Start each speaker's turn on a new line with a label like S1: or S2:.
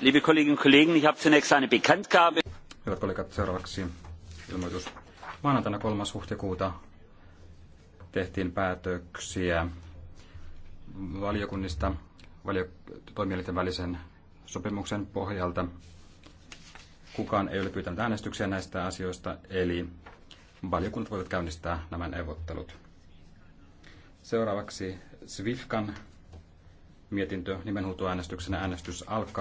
S1: Liebe Kolleginnen und Kollegen, ich habe zunächst eine Bekanntgabe.
S2: Hyvät kollegat, seuraavaksi ilmoitus. Maanantaina 3. huhtikuuta tehtiin päätöksiä valiokunnista valio- toimielinten välisen sopimuksen pohjalta. Kukaan ei ole pyytänyt äänestyksiä näistä asioista, eli valiokunnat voivat käynnistää nämä neuvottelut. Seuraavaksi Svifkan mietintö nimenhuutoäänestyksenä
S3: äänestys alkaa.